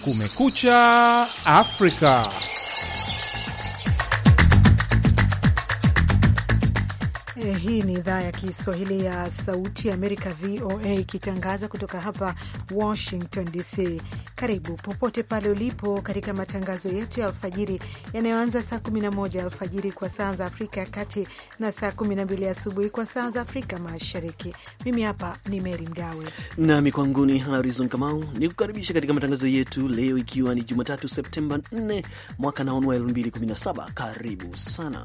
Kumekucha Afrika. Eh, hii ni idhaa ya Kiswahili ya Sauti ya Amerika, VOA, ikitangaza kutoka hapa Washington DC. Karibu popote pale ulipo katika matangazo yetu ya alfajiri yanayoanza saa 11 alfajiri kwa saa za Afrika ya Kati na saa 12 asubuhi kwa saa za Afrika Mashariki. Mimi hapa ni Meri Mgawe nami kwangu ni Harizon Kamau ni kukaribisha katika matangazo yetu leo, ikiwa ni Jumatatu Septemba 4 mwaka naonwa 2017. Karibu sana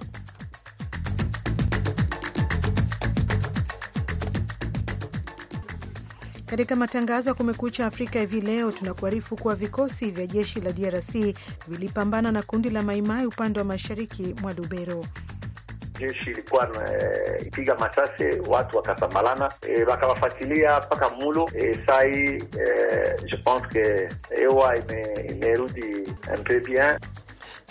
Katika matangazo ya Kumekucha Afrika hivi leo, tunakuarifu kuwa vikosi vya jeshi la DRC vilipambana na kundi la Maimai upande wa mashariki mwa Dubero. Jeshi ilikuwa napiga eh, e, masase watu wakasambalana eh, wakawafuatilia e, mpaka mulo e, eh, sai e, je pense que imerudi ime mpe bien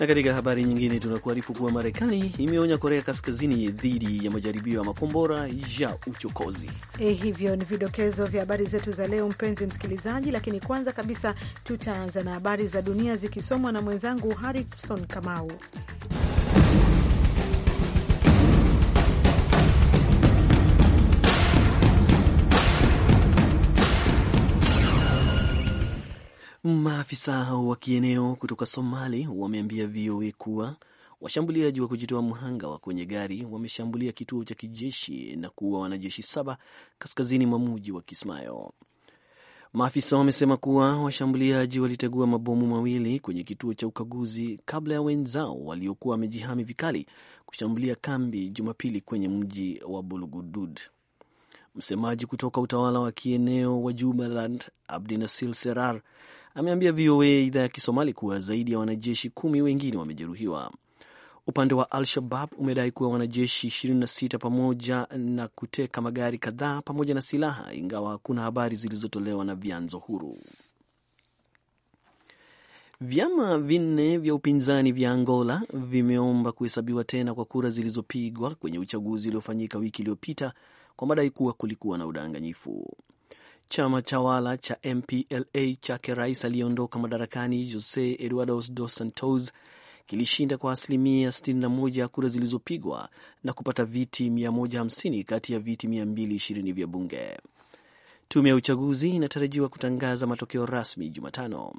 na katika habari nyingine tunakuarifu kuwa Marekani imeonya Korea Kaskazini dhidi ya majaribio ya makombora ya uchokozi. Eh, hivyo ni vidokezo vya habari zetu za leo, mpenzi msikilizaji, lakini kwanza kabisa tutaanza na habari za dunia zikisomwa na mwenzangu Harrison Kamau. Maafisa wa kieneo kutoka Somali wameambia VOA kuwa washambuliaji wa kujitoa mhanga wa kwenye gari wameshambulia kituo cha kijeshi na kuua wanajeshi saba kaskazini mwa mji wa Kismayo. Maafisa wamesema kuwa washambuliaji walitegua mabomu mawili kwenye kituo cha ukaguzi kabla ya wenzao waliokuwa wamejihami vikali kushambulia kambi Jumapili kwenye mji wa Bulugudud. Msemaji kutoka utawala wa kieneo wa Jubaland, Abdinasil Serar, ameambia VOA idhaa ya Kisomali kuwa zaidi ya wanajeshi kumi wengine wamejeruhiwa. Upande wa Al-Shabab umedai kuwa wanajeshi 26 pamoja na kuteka magari kadhaa pamoja na silaha, ingawa hakuna habari zilizotolewa na vyanzo huru. Vyama vinne vya upinzani vya Angola vimeomba kuhesabiwa tena kwa kura zilizopigwa kwenye uchaguzi uliofanyika wiki iliyopita kwa madai kuwa kulikuwa na udanganyifu chama tawala cha MPLA chake rais aliyeondoka madarakani Jose Eduardo Dos Santos kilishinda kwa asilimia 61 ya kura zilizopigwa na kupata viti 150 kati ya viti 220 vya bunge. Tume ya uchaguzi inatarajiwa kutangaza matokeo rasmi Jumatano.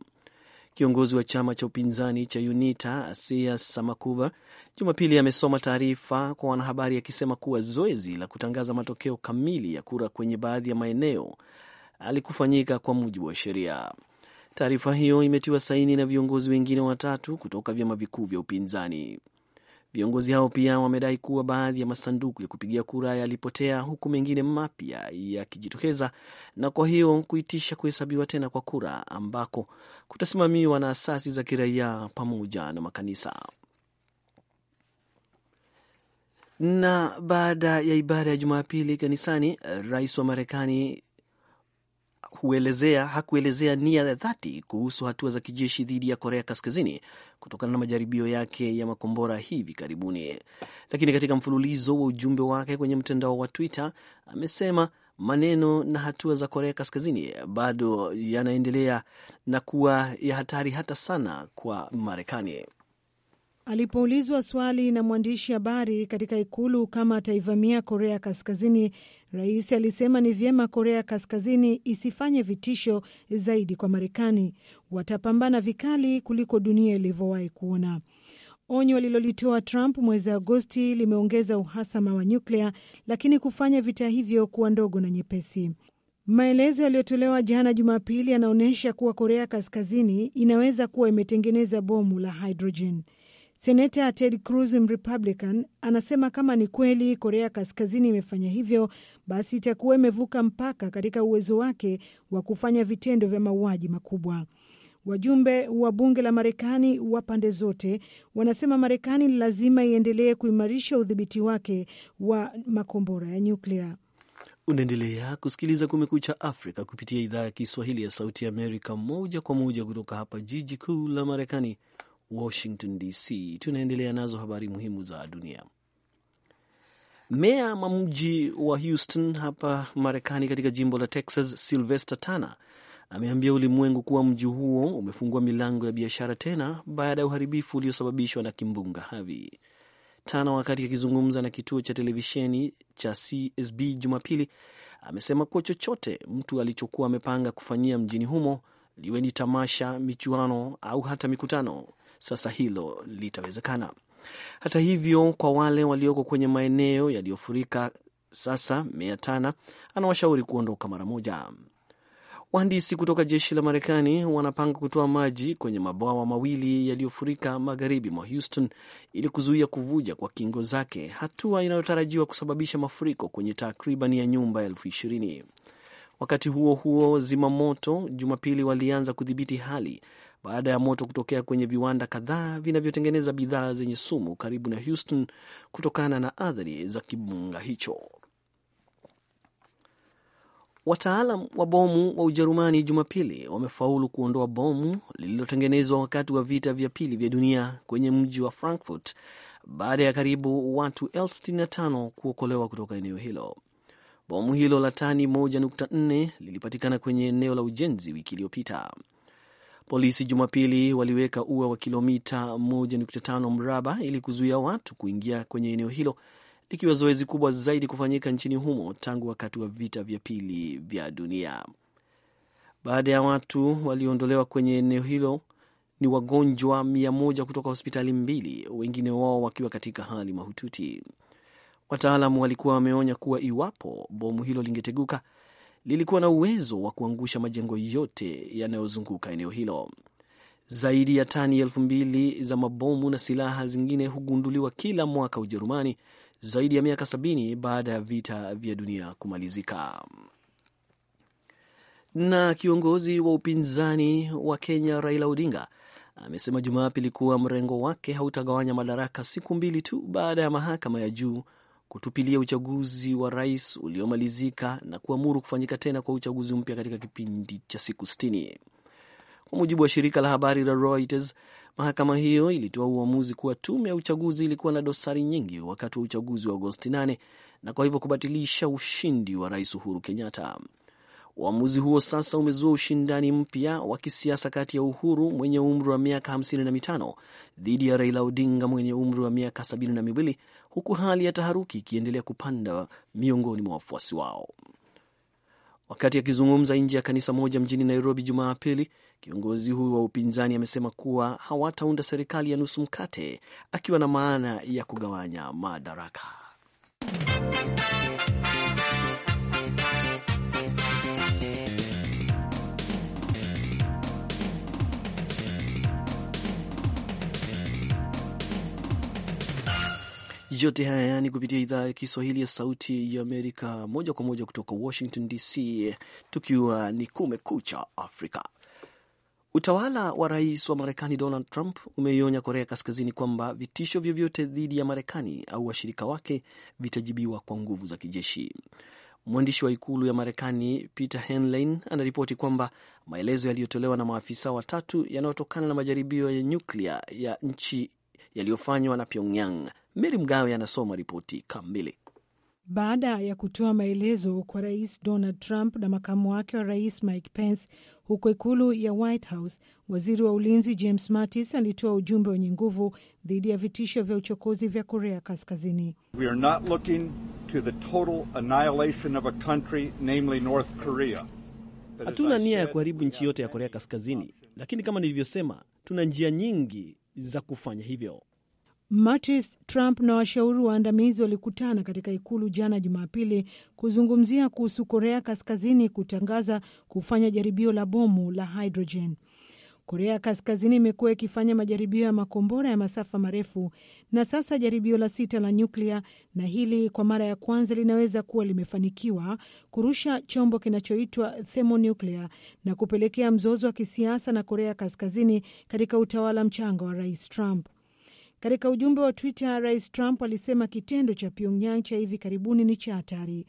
Kiongozi wa chama cha upinzani cha UNITA Asias Samakuva Jumapili amesoma taarifa kwa wanahabari akisema kuwa zoezi la kutangaza matokeo kamili ya kura kwenye baadhi ya maeneo alikufanyika kwa mujibu wa sheria. Taarifa hiyo imetiwa saini na viongozi wengine watatu kutoka vyama vikuu vya upinzani. Viongozi hao pia wamedai kuwa baadhi ya masanduku ya kupigia kura yalipotea huku mengine mapya yakijitokeza, na kwa hiyo kuitisha kuhesabiwa tena kwa kura ambako kutasimamiwa na asasi za kiraia pamoja na makanisa. Na baada ya ibada ya Jumapili kanisani, rais wa Marekani huelezea hakuelezea nia ya dhati kuhusu hatua za kijeshi dhidi ya Korea Kaskazini kutokana na majaribio yake ya makombora hivi karibuni. Lakini katika mfululizo wa ujumbe wake kwenye mtandao wa Twitter amesema maneno na hatua za Korea Kaskazini bado yanaendelea na kuwa ya hatari hata sana kwa Marekani. Alipoulizwa swali na mwandishi habari katika ikulu kama ataivamia Korea Kaskazini, rais alisema ni vyema Korea Kaskazini isifanye vitisho zaidi kwa Marekani, watapambana vikali kuliko dunia ilivyowahi kuona. Onyo alilolitoa Trump mwezi Agosti limeongeza uhasama wa nyuklia, lakini kufanya vita hivyo kuwa ndogo na nyepesi. Maelezo yaliyotolewa jana Jumapili yanaonyesha kuwa Korea Kaskazini inaweza kuwa imetengeneza bomu la hidrojeni. Seneta Ted Cruz, Mrepublican, anasema kama ni kweli Korea Kaskazini imefanya hivyo, basi itakuwa imevuka mpaka katika uwezo wake wa kufanya vitendo vya mauaji makubwa. Wajumbe wa bunge la Marekani wa pande zote wanasema Marekani lazima iendelee kuimarisha udhibiti wake wa makombora ya nyuklia. Unaendelea kusikiliza Kumekucha Afrika kupitia idhaa ya Kiswahili ya Sauti ya Amerika, moja kwa moja kutoka hapa jiji kuu la Marekani, Washington DC. Tunaendelea nazo habari muhimu za dunia. Meya wa mji wa Houston hapa Marekani, katika jimbo la Texas, Sylvester Tana ameambia ulimwengu kuwa mji huo umefungua milango ya biashara tena baada ya uharibifu uliosababishwa na kimbunga Harvey. Tana, wakati akizungumza na kituo cha televisheni cha CSB Jumapili, amesema kuwa chochote mtu alichokuwa amepanga kufanyia mjini humo, liwe ni tamasha, michuano au hata mikutano, sasa hilo litawezekana. Hata hivyo, kwa wale walioko kwenye maeneo yaliyofurika sasa, Meya Tana anawashauri kuondoka mara moja. Wahandisi kutoka jeshi la Marekani wanapanga kutoa maji kwenye mabwawa mawili yaliyofurika magharibi mwa Houston ili kuzuia kuvuja kwa kingo zake, hatua inayotarajiwa kusababisha mafuriko kwenye takriban ya nyumba elfu ishirini. Wakati huo huo, zimamoto Jumapili walianza kudhibiti hali baada ya moto kutokea kwenye viwanda kadhaa vinavyotengeneza bidhaa zenye sumu karibu na Houston kutokana na athari za kimbunga hicho. Wataalam wa bomu wa Ujerumani Jumapili wamefaulu kuondoa bomu lililotengenezwa wakati wa vita vya pili vya dunia kwenye mji wa Frankfurt baada ya karibu watu elfu sitini na tano kuokolewa kutoka eneo hilo. Bomu hilo la tani 1.4 lilipatikana kwenye eneo la ujenzi wiki iliyopita. Polisi Jumapili waliweka ua wa kilomita 1.5 mraba ili kuzuia watu kuingia kwenye eneo hilo, likiwa zoezi kubwa zaidi kufanyika nchini humo tangu wakati wa vita vya pili vya dunia. Baada ya watu walioondolewa kwenye eneo hilo ni wagonjwa mia moja kutoka hospitali mbili, wengine wao wakiwa katika hali mahututi. Wataalamu walikuwa wameonya kuwa iwapo bomu hilo lingeteguka, lilikuwa na uwezo wa kuangusha majengo yote yanayozunguka eneo hilo. Zaidi ya tani elfu mbili za mabomu na silaha zingine hugunduliwa kila mwaka Ujerumani, zaidi ya miaka sabini baada ya vita vya dunia kumalizika. Na kiongozi wa upinzani wa Kenya Raila Odinga amesema Jumapili kuwa mrengo wake hautagawanya madaraka siku mbili tu baada ya mahakama ya juu kutupilia uchaguzi wa rais uliomalizika na kuamuru kufanyika tena kwa uchaguzi mpya katika kipindi cha siku 60. Kwa mujibu wa shirika la habari la Reuters, mahakama hiyo ilitoa uamuzi kuwa tume ya uchaguzi ilikuwa na dosari nyingi wakati wa uchaguzi wa Agosti 8 na kwa hivyo kubatilisha ushindi wa rais Uhuru Kenyatta. Uamuzi huo sasa umezua ushindani mpya wa kisiasa kati ya Uhuru mwenye umri wa miaka 55 dhidi ya Raila Odinga mwenye umri wa miaka 72 huku hali ya taharuki ikiendelea kupanda miongoni mwa wafuasi wao. Wakati akizungumza nje ya kanisa moja mjini Nairobi Jumapili, kiongozi huyu wa upinzani amesema kuwa hawataunda serikali ya nusu mkate, akiwa na maana ya kugawanya madaraka. Yote haya yani kupitia idhaa ya Kiswahili ya Sauti ya Amerika, moja kwa moja kutoka Washington DC, tukiwa ni Kumekucha Afrika. Utawala wa rais wa Marekani Donald Trump umeionya Korea Kaskazini kwamba vitisho vyovyote dhidi ya Marekani au washirika wake vitajibiwa kwa nguvu za kijeshi. Mwandishi wa ikulu ya Marekani Peter Henlein anaripoti kwamba maelezo yaliyotolewa na maafisa watatu yanayotokana na majaribio ya nyuklia ya nchi yaliyofanywa na Pyongyang Meri Mgawe anasoma ripoti kamili. Baada ya kutoa maelezo kwa rais Donald Trump na makamu wake wa rais Mike Pence huko ikulu ya White House, waziri wa ulinzi James Mattis alitoa ujumbe wenye nguvu dhidi ya vitisho vya uchokozi vya Korea Kaskazini. We are not looking to the total annihilation of a country, namely North Korea. Hatuna nia ya kuharibu nchi yote ya Korea Kaskazini, lakini kama nilivyosema, tuna njia nyingi za kufanya hivyo. Mattis, Trump na washauri waandamizi walikutana katika ikulu jana Jumapili kuzungumzia kuhusu Korea Kaskazini kutangaza kufanya jaribio la bomu la hidrojeni. Korea Kaskazini imekuwa ikifanya majaribio ya makombora ya masafa marefu na sasa jaribio la sita la nyuklia, na hili kwa mara ya kwanza linaweza kuwa limefanikiwa kurusha chombo kinachoitwa thermonuclear na kupelekea mzozo wa kisiasa na Korea Kaskazini katika utawala mchanga wa Rais Trump. Katika ujumbe wa Twitter, Rais Trump alisema kitendo cha Pyongyang cha hivi karibuni ni cha hatari.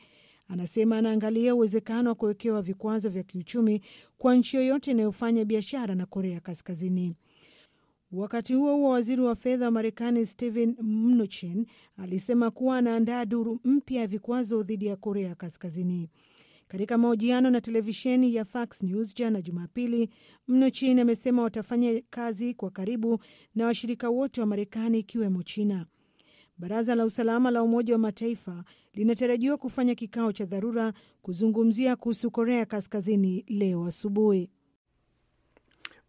Anasema anaangalia uwezekano wa kuwekewa vikwazo vya kiuchumi kwa nchi yoyote inayofanya biashara na Korea Kaskazini. Wakati huo huo, waziri wa fedha wa Marekani Steven Mnuchin alisema kuwa anaandaa duru mpya ya vikwazo dhidi ya Korea Kaskazini. Katika mahojiano na televisheni ya Fox News jana Jumapili, Mnuchin amesema watafanya kazi kwa karibu na washirika wote wa Marekani ikiwemo China. Baraza la usalama la Umoja wa Mataifa linatarajiwa kufanya kikao cha dharura kuzungumzia kuhusu Korea Kaskazini leo asubuhi.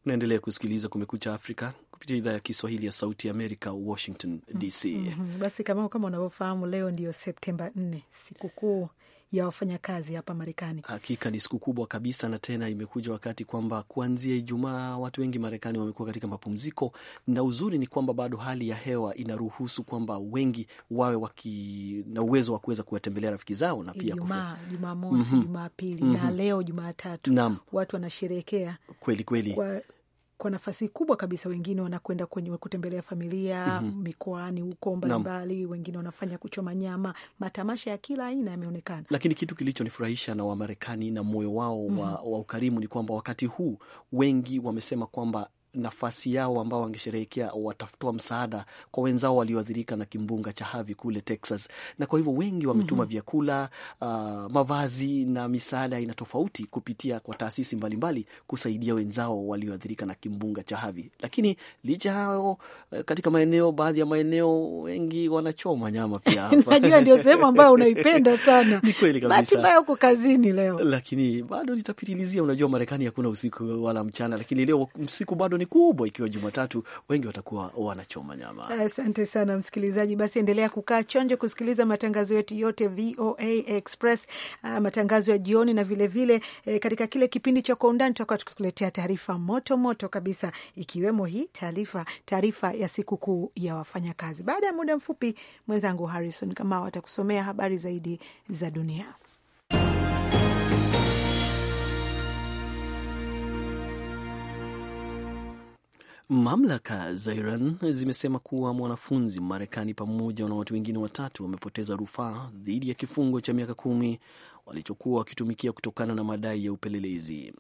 Unaendelea kusikiliza Kumekucha Afrika kupitia idhaa ya Kiswahili ya Sauti ya Amerika, Washington DC. mm -hmm. Basi kama kama unavyofahamu, leo ndiyo Septemba 4 sikukuu ya wafanyakazi hapa Marekani. Hakika ni siku kubwa kabisa, na tena imekuja wakati kwamba kuanzia Ijumaa watu wengi Marekani wamekuwa katika mapumziko, na uzuri ni kwamba bado hali ya hewa inaruhusu kwamba wengi wawe waki, na uwezo wa kuweza kuwatembelea rafiki zao na pia mosi Jumamosi, mhm. Jumapili na mhm. leo Jumatatu watu wanasherekea kweli kweli kwa kwa nafasi kubwa kabisa. Wengine wanakwenda kwenye kutembelea familia mm -hmm. mikoani huko mbalimbali, wengine wanafanya kuchoma nyama, matamasha ya kila aina yameonekana. Lakini kitu kilichonifurahisha na Wamarekani na moyo wao mm -hmm. wa, mhm. wa ukarimu ni kwamba wakati huu wengi wamesema kwamba nafasi yao ambao wangesherehekea watatoa msaada kwa wenzao walioathirika na kimbunga cha Harvey kule Texas, na kwa hivyo wengi wametuma mm -hmm. vyakula, uh, mavazi na misaada aina tofauti kupitia kwa taasisi mbalimbali mbali kusaidia wenzao walioathirika na kimbunga cha Harvey. Lakini licha hayo, eh, katika maeneo baadhi ya maeneo wengi wanachoma nyama pia hapa najua ndio sehemu ambayo unaipenda sana. Ni kweli kabisa, bahati mbaya uko kazini leo, lakini bado nitapitilizia. Unajua Marekani hakuna usiku wala mchana, lakini leo usiku bado ni kubwa ikiwa Jumatatu, wengi watakuwa wanachoma nyama. Asante sana msikilizaji, basi endelea kukaa chonjo kusikiliza matangazo yetu yote VOA Express, ah, matangazo ya jioni na vilevile vile, e, katika kile kipindi cha kwa undani tutakuwa tukikuletea taarifa moto moto kabisa, ikiwemo hii taarifa taarifa ya sikukuu ya wafanyakazi. Baada ya muda mfupi, mwenzangu Harrison Kamau atakusomea habari zaidi za dunia. Mamlaka za Iran zimesema kuwa mwanafunzi Marekani pamoja na watu wengine watatu wamepoteza rufaa dhidi ya kifungo cha miaka kumi walichokuwa wakitumikia kutokana na madai ya upelelezi.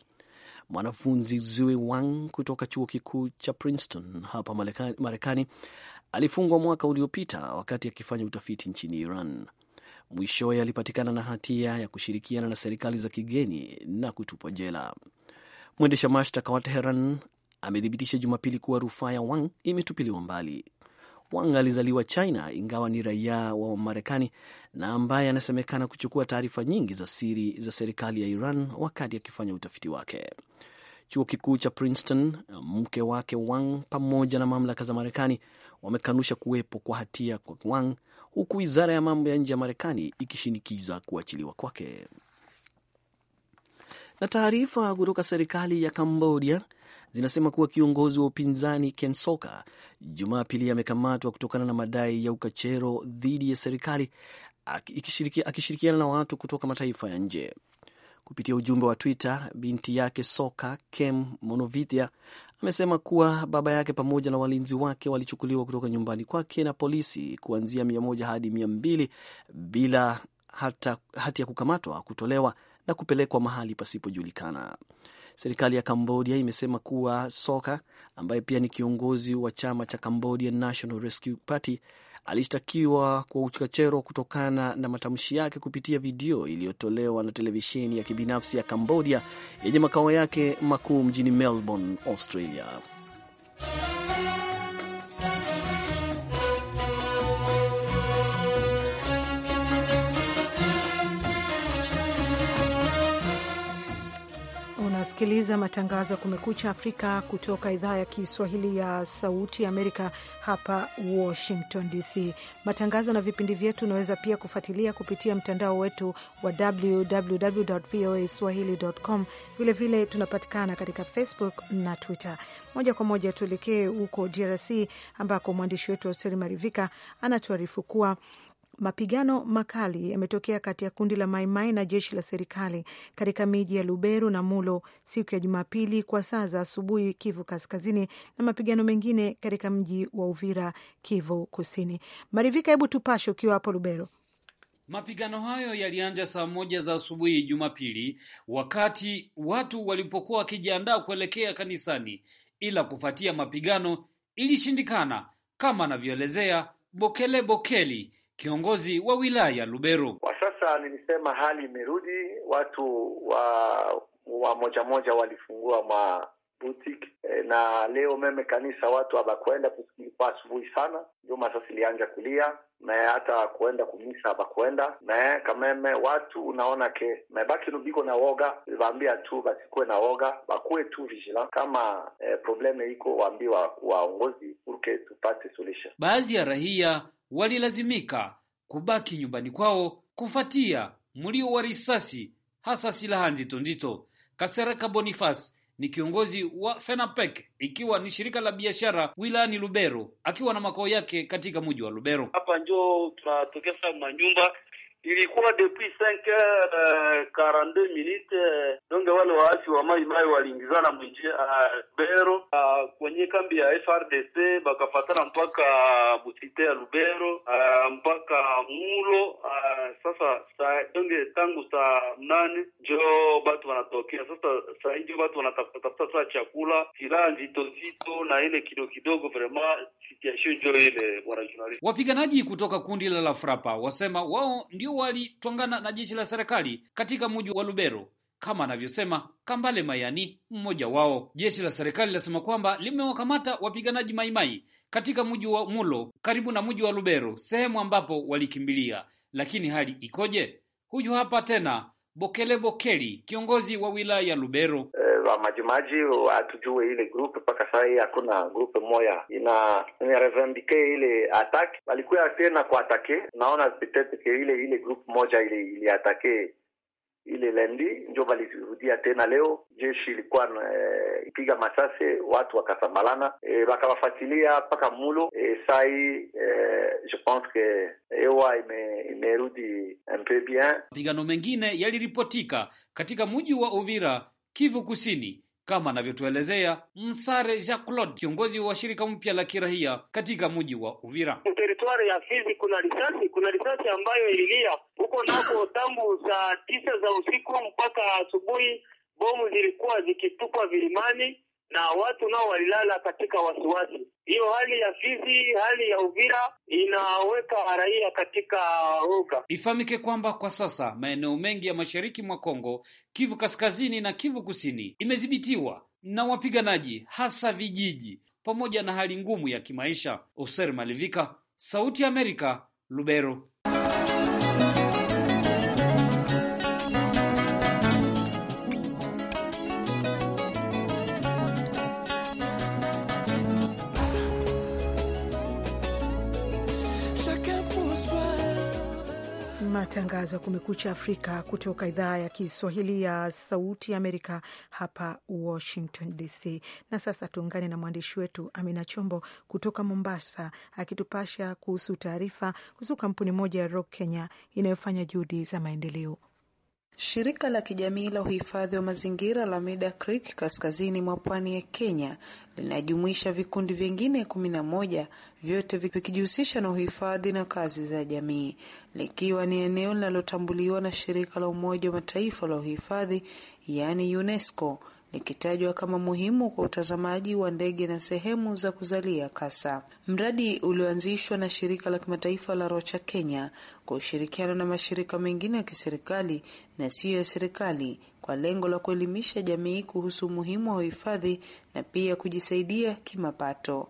Mwanafunzi Zui Wang kutoka chuo kikuu cha Princeton hapa Marekani alifungwa mwaka uliopita wakati akifanya utafiti nchini Iran. Mwishowe alipatikana na hatia ya kushirikiana na serikali za kigeni na kutupwa jela. Mwendesha mashtaka wa Teheran amethibitisha Jumapili kuwa rufaa ya Wang imetupiliwa mbali. Wang alizaliwa China ingawa ni raia wa Marekani na ambaye anasemekana kuchukua taarifa nyingi za siri za serikali ya Iran wakati akifanya utafiti wake. Chuo kikuu cha Princeton, mke wake Wang pamoja na mamlaka za Marekani wamekanusha kuwepo kwa hatia kwa Wang, huku wizara ya mambo ya nje ya Marekani ikishinikiza kuachiliwa kwake. Na taarifa kutoka serikali ya Kambodia zinasema kuwa kiongozi wa upinzani Ken Soka Jumapili amekamatwa kutokana na madai ya ukachero dhidi ya serikali akishirikiana na watu kutoka mataifa ya nje. Kupitia ujumbe wa Twitter, binti yake Soka, Kem Monovithia, amesema kuwa baba yake pamoja na walinzi wake walichukuliwa kutoka nyumbani kwake na polisi kuanzia mia moja hadi mia mbili bila hata hati ya kukamatwa kutolewa na kupelekwa mahali pasipojulikana. Serikali ya Cambodia imesema kuwa Soka ambaye pia ni kiongozi wa chama cha Cambodian National Rescue Party alishtakiwa kwa uchochero kutokana na matamshi yake kupitia video iliyotolewa na televisheni ya kibinafsi ya Cambodia yenye makao yake makuu mjini Melbourne, Australia. Unasikiliza matangazo ya Kumekucha Afrika kutoka idhaa ya Kiswahili ya Sauti ya Amerika hapa Washington DC. Matangazo na vipindi vyetu unaweza pia kufuatilia kupitia mtandao wetu wa www voa swahili.com. Vilevile tunapatikana katika Facebook na Twitter. Moja kwa moja tuelekee huko DRC ambako mwandishi wetu Austeri Marivika anatuarifu kuwa Mapigano makali yametokea kati ya kundi la Maimai na jeshi la serikali katika miji ya Lubero na Mulo siku ya Jumapili kwa saa za asubuhi, Kivu Kaskazini, na mapigano mengine katika mji wa Uvira, Kivu Kusini. Marivika, hebu tupashe ukiwa hapo Lubero. Mapigano hayo yalianza saa moja za asubuhi Jumapili, wakati watu walipokuwa wakijiandaa kuelekea kanisani, ila kufuatia mapigano ilishindikana, kama anavyoelezea Bokele Bokeli Kiongozi wa wilaya ya Lubero: kwa sasa nilisema hali imerudi, watu wa, wa moja moja walifungua ma boutique e, na leo meme kanisa watu habakwenda kwa asubuhi sana, juma sasa ilianja kulia na hata kuenda kumisa habakwenda na kameme watu unaona ke mebaki nubiko na woga, vaambia tu basikuwe na woga, bakuwe tu vigilant kama e, probleme iko waambiwa waongozi urke tupate solution. Baadhi ya rahia walilazimika kubaki nyumbani kwao kufuatia mlio wa risasi hasa silaha nzito nzito. Kasereka Boniface ni kiongozi wa FENAPEC ikiwa ni shirika la biashara wilayani Lubero, akiwa na makao yake katika mji wa Lubero. Hapa njo tunatokea manyumba ilikuwa depuis 5h42 euh, minutes euh, donge wale waasi wa mai mai waliingizana mwinji Lubero euh, kwenye kambi ya FRDC bakafatana mpaka busite ya Lubero mpaka Mulo. Sasa sa, donge tangu saa mnane njo batu wanatokea sasa, saa hii batu wanatafuta sasa saa chakula, silaha nzito nzito na ile kidogo kidogo, vraiment Wapiganaji kutoka kundi la Lafrapa wasema wao ndio walitwangana na jeshi la serikali katika muji wa Lubero, kama anavyosema Kambale Mayani, mmoja wao. Jeshi la serikali linasema kwamba limewakamata wapiganaji Maimai katika mji wa Mulo karibu na mji wa Lubero, sehemu ambapo walikimbilia. Lakini hali ikoje? Huyu hapa tena Bokele Bokeli, kiongozi wa wilaya ya Lubero. Eh, wa majimaji hatujue ile group mpaka saa hakuna group moya ina inarevendike ile ataki, walikuwa tena kwa atake. Naona ile ile group moja ile iliatake ile lendi ndio walirudia tena leo. Jeshi ilikuwa eh, piga masase watu wakasambalana eh, wakawafatilia mpaka mulo eh, sai eh, je pense que ewa imerudi un peu bien. Mapigano mengine yaliripotika katika mji wa Uvira Kivu Kusini, kama anavyotuelezea Msare Jean Claude, kiongozi wa shirika mpya la kirahia katika mji wa Uvira. Teritwari ya Fizi kuna risasi, kuna risasi ambayo ililia huko nako tangu saa tisa za usiku mpaka asubuhi. Bomu zilikuwa zikitupwa vilimani na watu nao walilala katika wasiwasi. Hiyo hali ya Fizi, hali ya Uvira inaweka raia katika uga. Ifahamike kwamba kwa sasa maeneo mengi ya mashariki mwa Kongo, Kivu Kaskazini na Kivu Kusini imedhibitiwa na wapiganaji, hasa vijiji, pamoja na hali ngumu ya kimaisha. Oser Malivika, Sauti ya Amerika, Lubero. matangazo ya Kumekucha Afrika kutoka idhaa ya Kiswahili ya Sauti Amerika hapa Washington DC. Na sasa tuungane na mwandishi wetu Amina Chombo kutoka Mombasa akitupasha kuhusu taarifa kuhusu kampuni moja ya Rock Kenya inayofanya juhudi za maendeleo. Shirika la kijamii la uhifadhi wa mazingira la Mida Creek kaskazini mwa pwani ya Kenya linajumuisha vikundi vingine kumi na moja vyote vikijihusisha na uhifadhi na kazi za jamii, likiwa ni eneo linalotambuliwa na shirika la Umoja wa Mataifa la uhifadhi yaani UNESCO likitajwa kama muhimu kwa utazamaji wa ndege na sehemu za kuzalia kasa. Mradi ulioanzishwa na shirika la kimataifa la Rocha Kenya kwa ushirikiano na mashirika mengine ya kiserikali na siyo ya serikali kwa lengo la kuelimisha jamii kuhusu umuhimu wa uhifadhi na pia kujisaidia kimapato.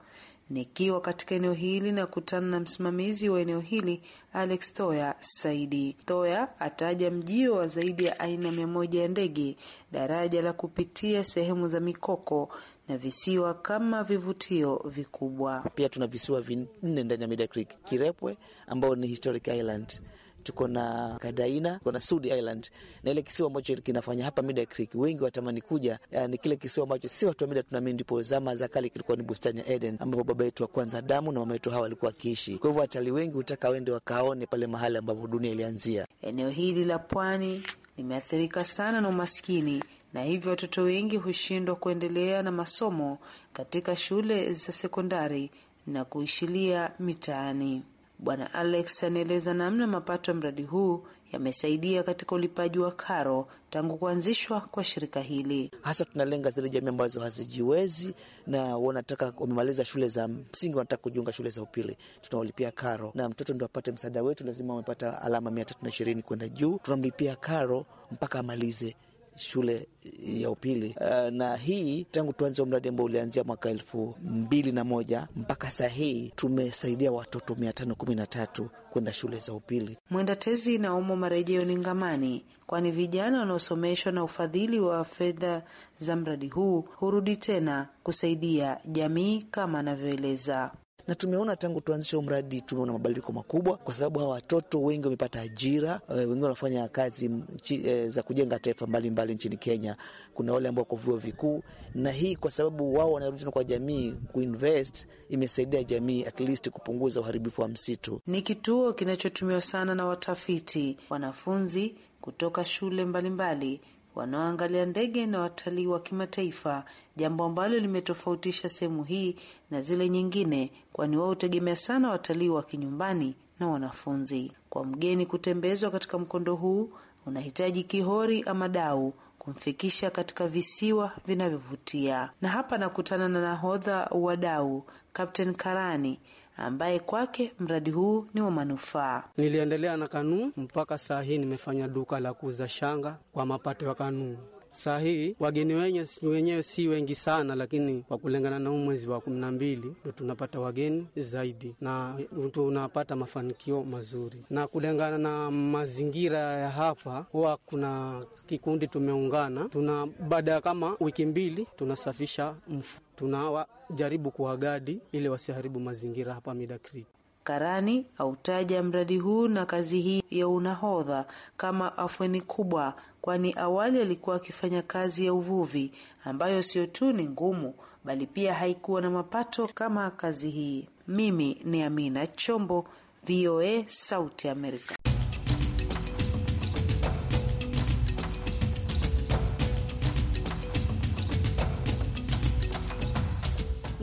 Nikiwa katika eneo hili na kutana na msimamizi wa eneo hili Alex Toya Saidi. Thoya ataja mjio wa zaidi ya aina mia moja ya ndege, daraja la kupitia sehemu za mikoko na visiwa kama vivutio vikubwa. Pia tuna visiwa vinne ndani ya Mida Creek, Kirepwe ambao ni historic island tuko na Kadaina, tuko na Sudi Island na ile kisiwa ambacho kinafanya hapa Mida Creek, wengi watamani kuja. Eh, ni kile kisiwa ambacho si watu wa Mida tunaamini ndipo zama za kale kilikuwa ni bustani ya Eden, ambapo baba yetu wa kwanza Adamu na mama yetu Hawa walikuwa wakiishi. Kwa hivyo watalii wengi hutaka wende wakaone pale mahali ambapo dunia ilianzia. Eneo hili la pwani limeathirika sana na umaskini na hivyo watoto wengi hushindwa kuendelea na masomo katika shule za sekondari na kuishilia mitaani. Bwana Alex anaeleza namna mapato ya mradi huu yamesaidia katika ulipaji wa karo tangu kuanzishwa kwa shirika hili. Hasa tunalenga zile jamii ambazo hazijiwezi na wanataka wamemaliza shule za msingi, wanataka kujiunga shule za upili, tunawalipia karo, na mtoto ndio apate msaada wetu, lazima amepata alama mia tatu na ishirini kwenda juu, tunamlipia karo mpaka amalize shule ya upili uh, na hii tangu tuanze mradi ambao ulianzia mwaka elfu mbili na moja mpaka saa hii tumesaidia watoto mia tano kumi na tatu kwenda shule za upili. Mwendatezi na umo marejeo ni ngamani, kwani vijana wanaosomeshwa na ufadhili wa fedha za mradi huu hurudi tena kusaidia jamii kama anavyoeleza na tumeona tangu tuanzishe huu mradi tumeona mabadiliko makubwa, kwa sababu hawa watoto wengi wamepata ajira, eh, wengi wanafanya kazi mchi, e, eh, za kujenga taifa mbalimbali mbali nchini Kenya. Kuna wale ambao wako vyuo vikuu, na hii kwa sababu wao wanarudi kwa jamii kuinvest, imesaidia jamii at least kupunguza uharibifu wa msitu. Ni kituo kinachotumiwa sana na watafiti, wanafunzi kutoka shule mbalimbali mbali wanaoangalia ndege na watalii wa kimataifa, jambo ambalo limetofautisha sehemu hii na zile nyingine, kwani wao hutegemea sana watalii wa kinyumbani na wanafunzi. Kwa mgeni kutembezwa katika mkondo huu, unahitaji kihori ama dau kumfikisha katika visiwa vinavyovutia. Na hapa nakutana na nahodha wa dau Kapteni Karani ambaye kwake mradi huu ni wa manufaa. Niliendelea na kanuu mpaka saa hii nimefanya duka la kuuza shanga kwa mapato ya kanuu saa hii wageni wenye, wenyewe si wengi sana, lakini kwa kulingana na huu mwezi wa kumi na mbili ndo tunapata wageni zaidi na tunapata mafanikio mazuri, na kulingana na mazingira ya hapa, huwa kuna kikundi tumeungana, tuna baada ya kama wiki mbili tunasafisha mfu tunawajaribu kuwagadi ili wasiharibu mazingira hapa Mida Creek. Karani autaja mradi huu na kazi hii ya unahodha kama afueni kubwa, kwani awali alikuwa akifanya kazi ya uvuvi ambayo sio tu ni ngumu, bali pia haikuwa na mapato kama kazi hii. Mimi ni Amina Chombo, VOA, Sauti Amerika.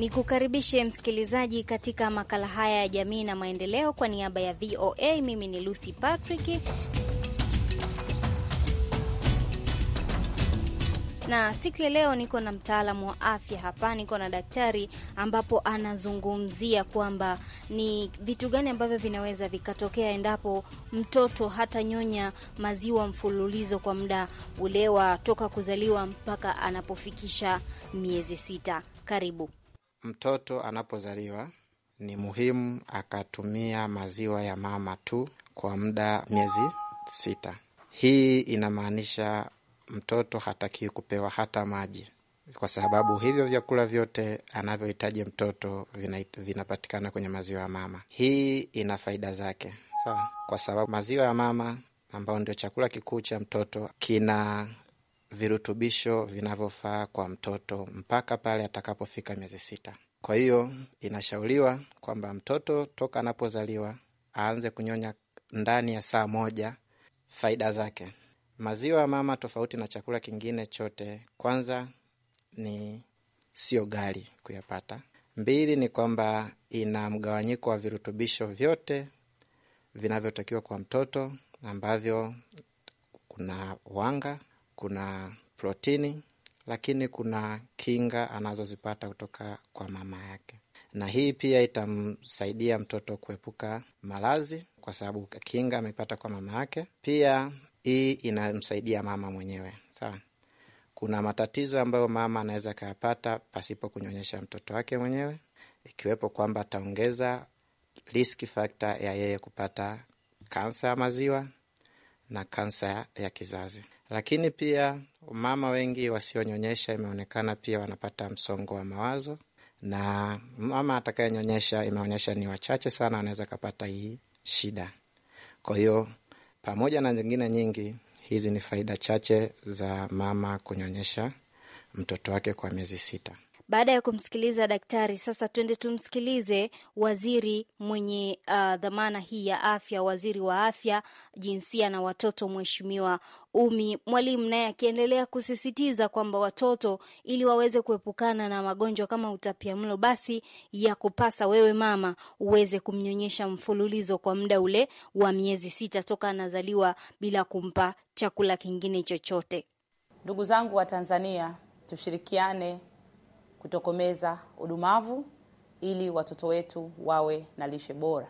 Ni kukaribishe msikilizaji katika makala haya ya jamii na maendeleo. Kwa niaba ya VOA, mimi ni Lucy Patrick, na siku ya leo niko na mtaalamu wa afya hapa, niko na daktari ambapo anazungumzia kwamba ni vitu gani ambavyo vinaweza vikatokea endapo mtoto hatanyonya maziwa mfululizo kwa muda ule wa toka kuzaliwa mpaka anapofikisha miezi sita. Karibu mtoto anapozaliwa ni muhimu akatumia maziwa ya mama tu kwa muda miezi sita. Hii inamaanisha mtoto hatakiwi kupewa hata maji, kwa sababu hivyo vyakula vyote anavyohitaji mtoto vina, vinapatikana kwenye maziwa ya mama. Hii ina faida zake sawa, kwa sababu maziwa ya mama ambayo ndio chakula kikuu cha mtoto kina virutubisho vinavyofaa kwa mtoto mpaka pale atakapofika miezi sita. Kwa hiyo inashauriwa kwamba mtoto toka anapozaliwa aanze kunyonya ndani ya saa moja. Faida zake, maziwa ya mama tofauti na chakula kingine chote, kwanza ni sio ghali kuyapata. Mbili ni kwamba ina mgawanyiko wa virutubisho vyote vinavyotakiwa kwa mtoto ambavyo kuna wanga kuna protini, lakini kuna kinga anazozipata kutoka kwa mama yake, na hii pia itamsaidia mtoto kuepuka maradhi kwa sababu kinga amepata kwa mama yake. Pia hii inamsaidia mama mwenyewe. Sawa, kuna matatizo ambayo mama anaweza akayapata pasipo kunyonyesha mtoto wake mwenyewe, ikiwepo kwamba ataongeza risk factor ya yeye kupata kansa ya maziwa na kansa ya kizazi. Lakini pia mama wengi wasionyonyesha imeonekana pia wanapata msongo wa mawazo, na mama atakayenyonyesha imeonyesha ni wachache sana wanaweza kapata hii shida. Kwa hiyo pamoja na zingine nyingi, hizi ni faida chache za mama kunyonyesha mtoto wake kwa miezi sita. Baada ya kumsikiliza daktari, sasa tuende tumsikilize waziri mwenye uh, dhamana hii ya afya, waziri wa afya, jinsia na watoto, Mheshimiwa Umi Mwalimu, naye akiendelea kusisitiza kwamba watoto ili waweze kuepukana na magonjwa kama utapiamlo, basi ya kupasa wewe mama uweze kumnyonyesha mfululizo kwa muda ule wa miezi sita toka anazaliwa bila kumpa chakula kingine chochote. Ndugu zangu wa Tanzania, tushirikiane kutokomeza udumavu ili watoto wetu wawe na lishe bora.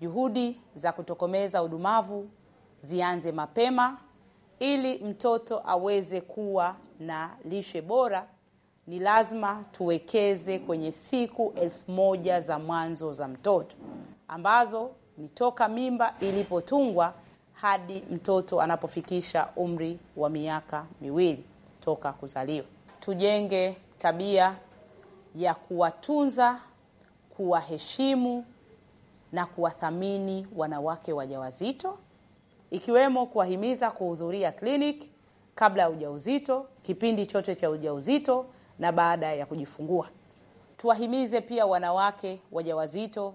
Juhudi za kutokomeza udumavu zianze mapema ili mtoto aweze kuwa na lishe bora. Ni lazima tuwekeze kwenye siku elfu moja za mwanzo za mtoto ambazo ni toka mimba ilipotungwa hadi mtoto anapofikisha umri wa miaka miwili toka kuzaliwa. Tujenge tabia ya kuwatunza, kuwaheshimu na kuwathamini wanawake wajawazito ikiwemo kuwahimiza kuhudhuria kliniki kabla ya ujauzito, kipindi chote cha ujauzito na baada ya kujifungua. Tuwahimize pia wanawake wajawazito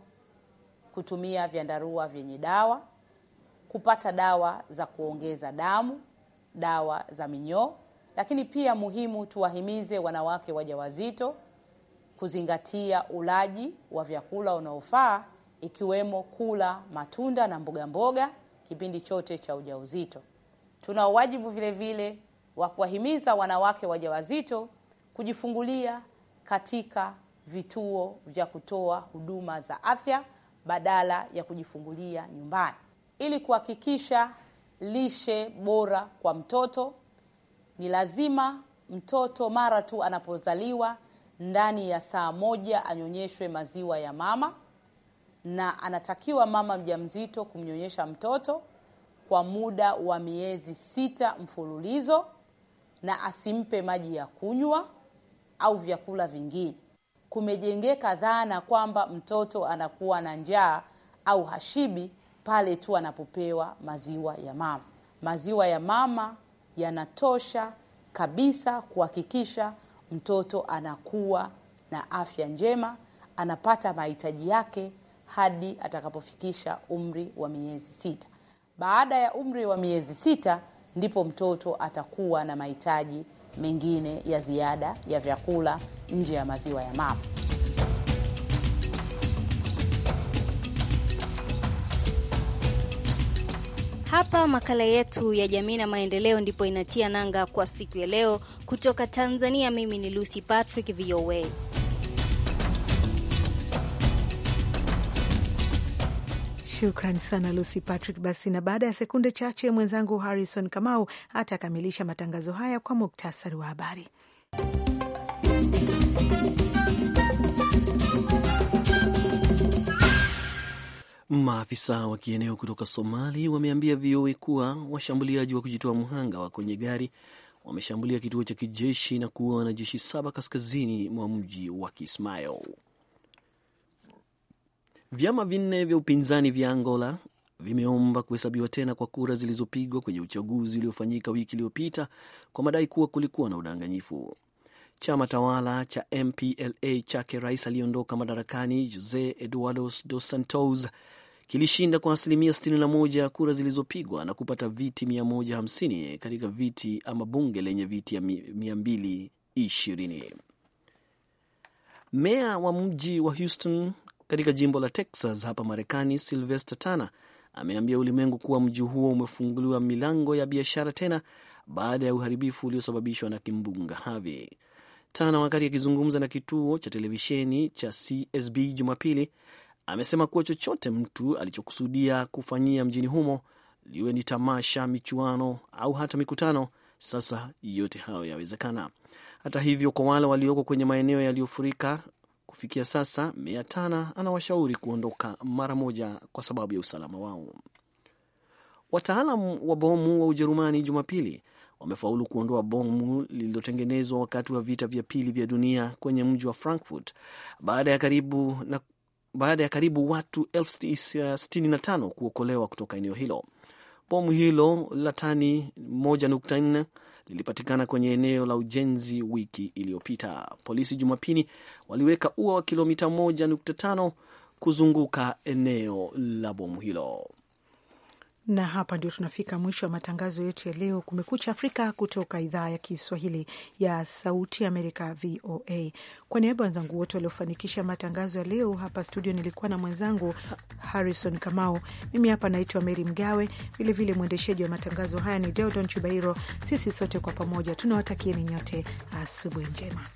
kutumia vyandarua vyenye dawa, kupata dawa za kuongeza damu, dawa za minyoo lakini pia muhimu, tuwahimize wanawake wajawazito kuzingatia ulaji wa vyakula unaofaa ikiwemo kula matunda na mboga mboga kipindi chote cha ujauzito. Tuna wajibu vile vile wa kuwahimiza wanawake wajawazito kujifungulia katika vituo vya kutoa huduma za afya badala ya kujifungulia nyumbani ili kuhakikisha lishe bora kwa mtoto ni lazima mtoto mara tu anapozaliwa ndani ya saa moja anyonyeshwe maziwa ya mama, na anatakiwa mama mjamzito kumnyonyesha mtoto kwa muda wa miezi sita mfululizo, na asimpe maji ya kunywa au vyakula vingine. Kumejengeka dhana kwamba mtoto anakuwa na njaa au hashibi pale tu anapopewa maziwa ya mama. Maziwa ya mama yanatosha kabisa kuhakikisha mtoto anakuwa na afya njema, anapata mahitaji yake hadi atakapofikisha umri wa miezi sita. Baada ya umri wa miezi sita ndipo mtoto atakuwa na mahitaji mengine ya ziada ya vyakula nje ya maziwa ya mama. hapa makala yetu ya jamii na maendeleo ndipo inatia nanga kwa siku ya leo. Kutoka Tanzania, mimi ni Lucy Patrick, VOA. Shukran sana Lucy Patrick. Basi na baada ya sekunde chache, mwenzangu Harrison Kamau atakamilisha matangazo haya kwa muktasari wa habari. Maafisa wa kieneo kutoka Somali wameambia VOA kuwa washambuliaji wa kujitoa mhanga wa kwenye gari wameshambulia kituo cha kijeshi na kuua wanajeshi saba kaskazini mwa mji wa Kismayo. Vyama vinne vya upinzani vya Angola vimeomba kuhesabiwa tena kwa kura zilizopigwa kwenye uchaguzi uliofanyika wiki iliyopita kwa madai kuwa kulikuwa na udanganyifu. Chama tawala cha MPLA chake rais aliyeondoka madarakani Jose Eduardo Dos Santos kilishinda kwa asilimia 61 ya kura zilizopigwa na kupata viti 150 katika viti ama bunge lenye viti 220. Meya wa mji wa Houston katika jimbo la Texas hapa Marekani, Sylvester Tana ameambia ulimwengu kuwa mji huo umefunguliwa milango ya biashara tena baada ya uharibifu uliosababishwa na kimbunga Harvey. Tana wakati akizungumza na kituo cha televisheni cha CSB Jumapili amesema kuwa chochote mtu alichokusudia kufanyia mjini humo, liwe ni tamasha, michuano au hata mikutano, sasa yote hayo yawezekana. Hata hivyo, kwa wale walioko kwenye maeneo yaliyofurika kufikia sasa, meya Tana anawashauri kuondoka mara moja kwa sababu ya usalama wao. Wataalam wa bomu wa Ujerumani Jumapili wamefaulu kuondoa bomu lililotengenezwa wakati wa vita vya pili vya dunia kwenye mji wa Frankfurt baada ya karibu na baada ya karibu watu 65 uh, kuokolewa kutoka eneo hilo. Bomu hilo la tani 1.4 lilipatikana kwenye eneo la ujenzi wiki iliyopita. Polisi Jumapili waliweka ua wa kilomita 1.5 kuzunguka eneo la bomu hilo na hapa ndio tunafika mwisho wa matangazo yetu ya leo Kumekucha Afrika kutoka idhaa ya Kiswahili ya Sauti Amerika, VOA. Kwa niaba ya wenzangu wote waliofanikisha matangazo ya leo, hapa studio nilikuwa na mwenzangu Harrison Kamau. Mimi hapa naitwa Meri Mgawe, vilevile mwendeshaji wa matangazo haya ni Deodon Chubairo. Sisi sote kwa pamoja tunawatakieni nyote asubuhi njema.